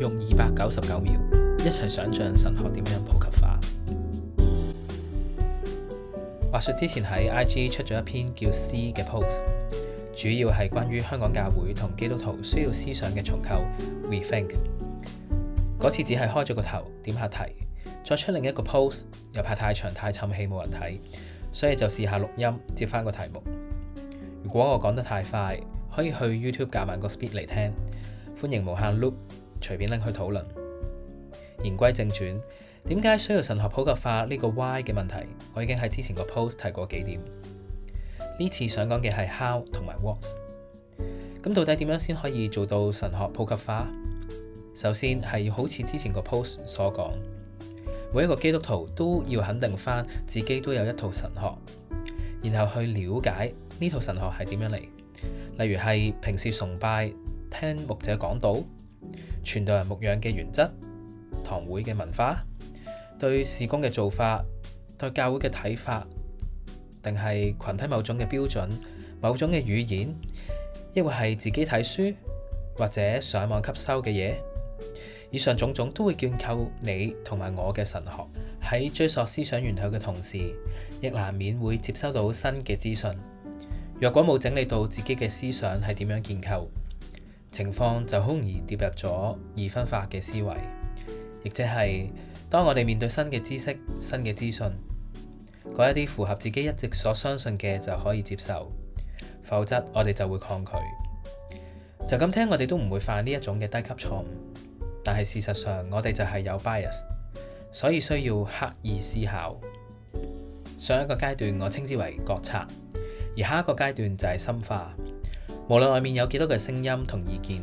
用二百九十九秒一齊想象神學點樣普及化。話說之前喺 IG 出咗一篇叫《思》嘅 post，主要係關於香港教會同基督徒需要思想嘅重構。We think 嗰次只係開咗個頭，點下題，再出另一個 post，又怕太長太沉氣冇人睇，所以就試下錄音接翻個題目。如果我講得太快，可以去 YouTube 教慢個 speed 嚟聽，歡迎無限 loop。隨便拎去討論。言歸正傳，點解需要神學普及化呢個 why 嘅問題，我已經喺之前個 post 提過幾點。呢次想講嘅係 how 同埋 what。咁到底點樣先可以做到神學普及化？首先係要好似之前個 post 所講，每一個基督徒都要肯定返自己都有一套神學，然後去了解呢套神學係點樣嚟，例如係平時崇拜、聽牧者講道。全道人牧養嘅原則、堂會嘅文化、對事工嘅做法、對教會嘅睇法，定係群體某種嘅標準、某種嘅語言，抑或係自己睇書或者上網吸收嘅嘢，以上種種都會建構你同埋我嘅神學。喺追溯思想源頭嘅同時，亦難免會接收到新嘅資訊。若果冇整理到自己嘅思想係點樣建構？情況就好容易跌入咗二分化嘅思維，亦即係當我哋面對新嘅知識、新嘅資訊，嗰一啲符合自己一直所相信嘅就可以接受，否則我哋就會抗拒。就咁聽我哋都唔會犯呢一種嘅低級錯誤，但係事實上我哋就係有 bias，所以需要刻意思考。上一個階段我稱之為覺察，而下一個階段就係深化。無論外面有幾多嘅聲音同意見，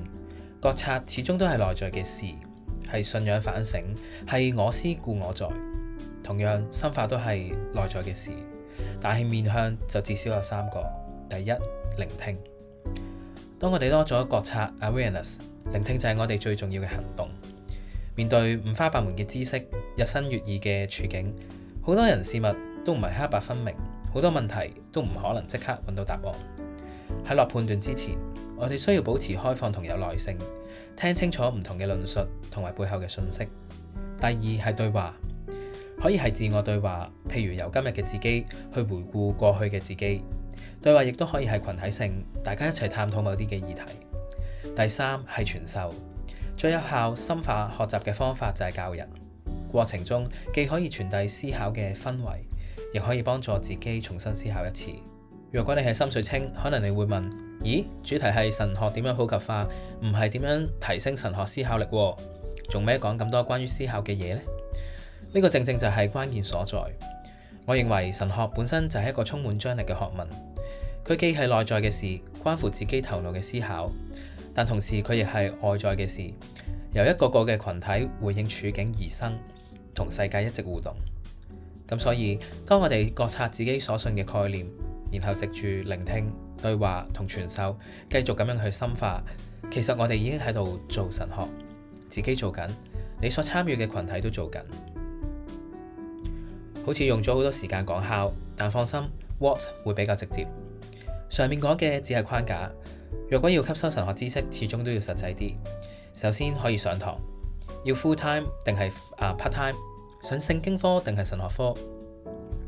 覺察始終都係內在嘅事，係信仰反省，係我思故我在。同樣，深化都係內在嘅事，但係面向就至少有三個。第一，聆聽。當我哋多咗覺察 （awareness），聆聽就係我哋最重要嘅行動。面對五花八門嘅知識、日新月異嘅處境，好多人事物都唔係黑白分明，好多問題都唔可能即刻揾到答案。喺落判斷之前，我哋需要保持開放同有耐性，聽清楚唔同嘅論述同埋背後嘅信息。第二係對話，可以係自我對話，譬如由今日嘅自己去回顧過去嘅自己；對話亦都可以係群體性，大家一齊探討某啲嘅議題。第三係傳授，最有效深化學習嘅方法就係教人。過程中既可以傳遞思考嘅氛圍，亦可以幫助自己重新思考一次。若果你係心水清，可能你會問：咦，主題係神學點樣普及化，唔係點樣提升神學思考力啊？做咩講咁多關於思考嘅嘢呢？」呢個正正就係關鍵所在。我認為神學本身就係一個充滿張力嘅學問，佢既係內在嘅事，關乎自己頭腦嘅思考，但同時佢亦係外在嘅事，由一個個嘅群體回應處境而生，同世界一直互動。咁所以當我哋覺察自己所信嘅概念，然後藉住聆聽對話同傳授，繼續咁樣去深化。其實我哋已經喺度做神學，自己做緊，你所參與嘅群體都做緊。好似用咗好多時間講 how，但放心，what 會比較直接。上面講嘅只係框架。若果要吸收神學知識，始終都要實際啲。首先可以上堂，要 full time 定係啊 part time，上聖經科定係神學科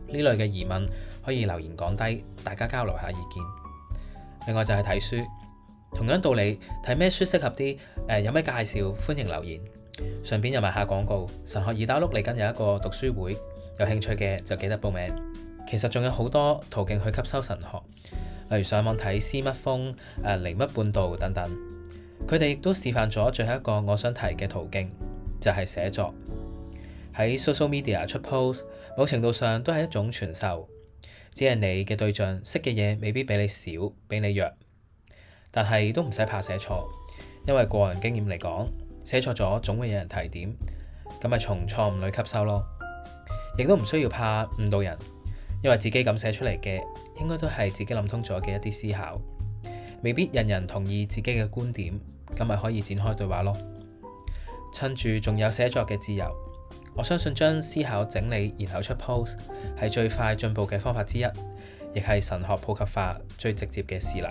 呢類嘅疑問。可以留言講低，大家交流下意見。另外就係睇書，同樣道理，睇咩書適合啲？呃，有咩介紹歡迎留言。順便又埋下廣告，神學二打六嚟緊有一個讀書會，有興趣嘅就記得報名。其實仲有好多途徑去吸收神學，例如上網睇《思乜風》、《誒離乜半道》等等。佢哋亦都示範咗最後一個我想提嘅途徑，就係、是、寫作喺 social media 出 post，某程度上都係一種傳授。只係你嘅對象，識嘅嘢未必比你少，比你弱，但係都唔使怕寫錯，因為個人經驗嚟講，寫錯咗總會有人提點，咁咪從錯誤裏吸收咯。亦都唔需要怕誤導人，因為自己咁寫出嚟嘅應該都係自己諗通咗嘅一啲思考，未必人人同意自己嘅觀點，咁咪可以展開對話咯。趁住仲有寫作嘅自由。我相信將思考整理，然後出 post 係最快進步嘅方法之一，亦係神學普及化最直接嘅事例。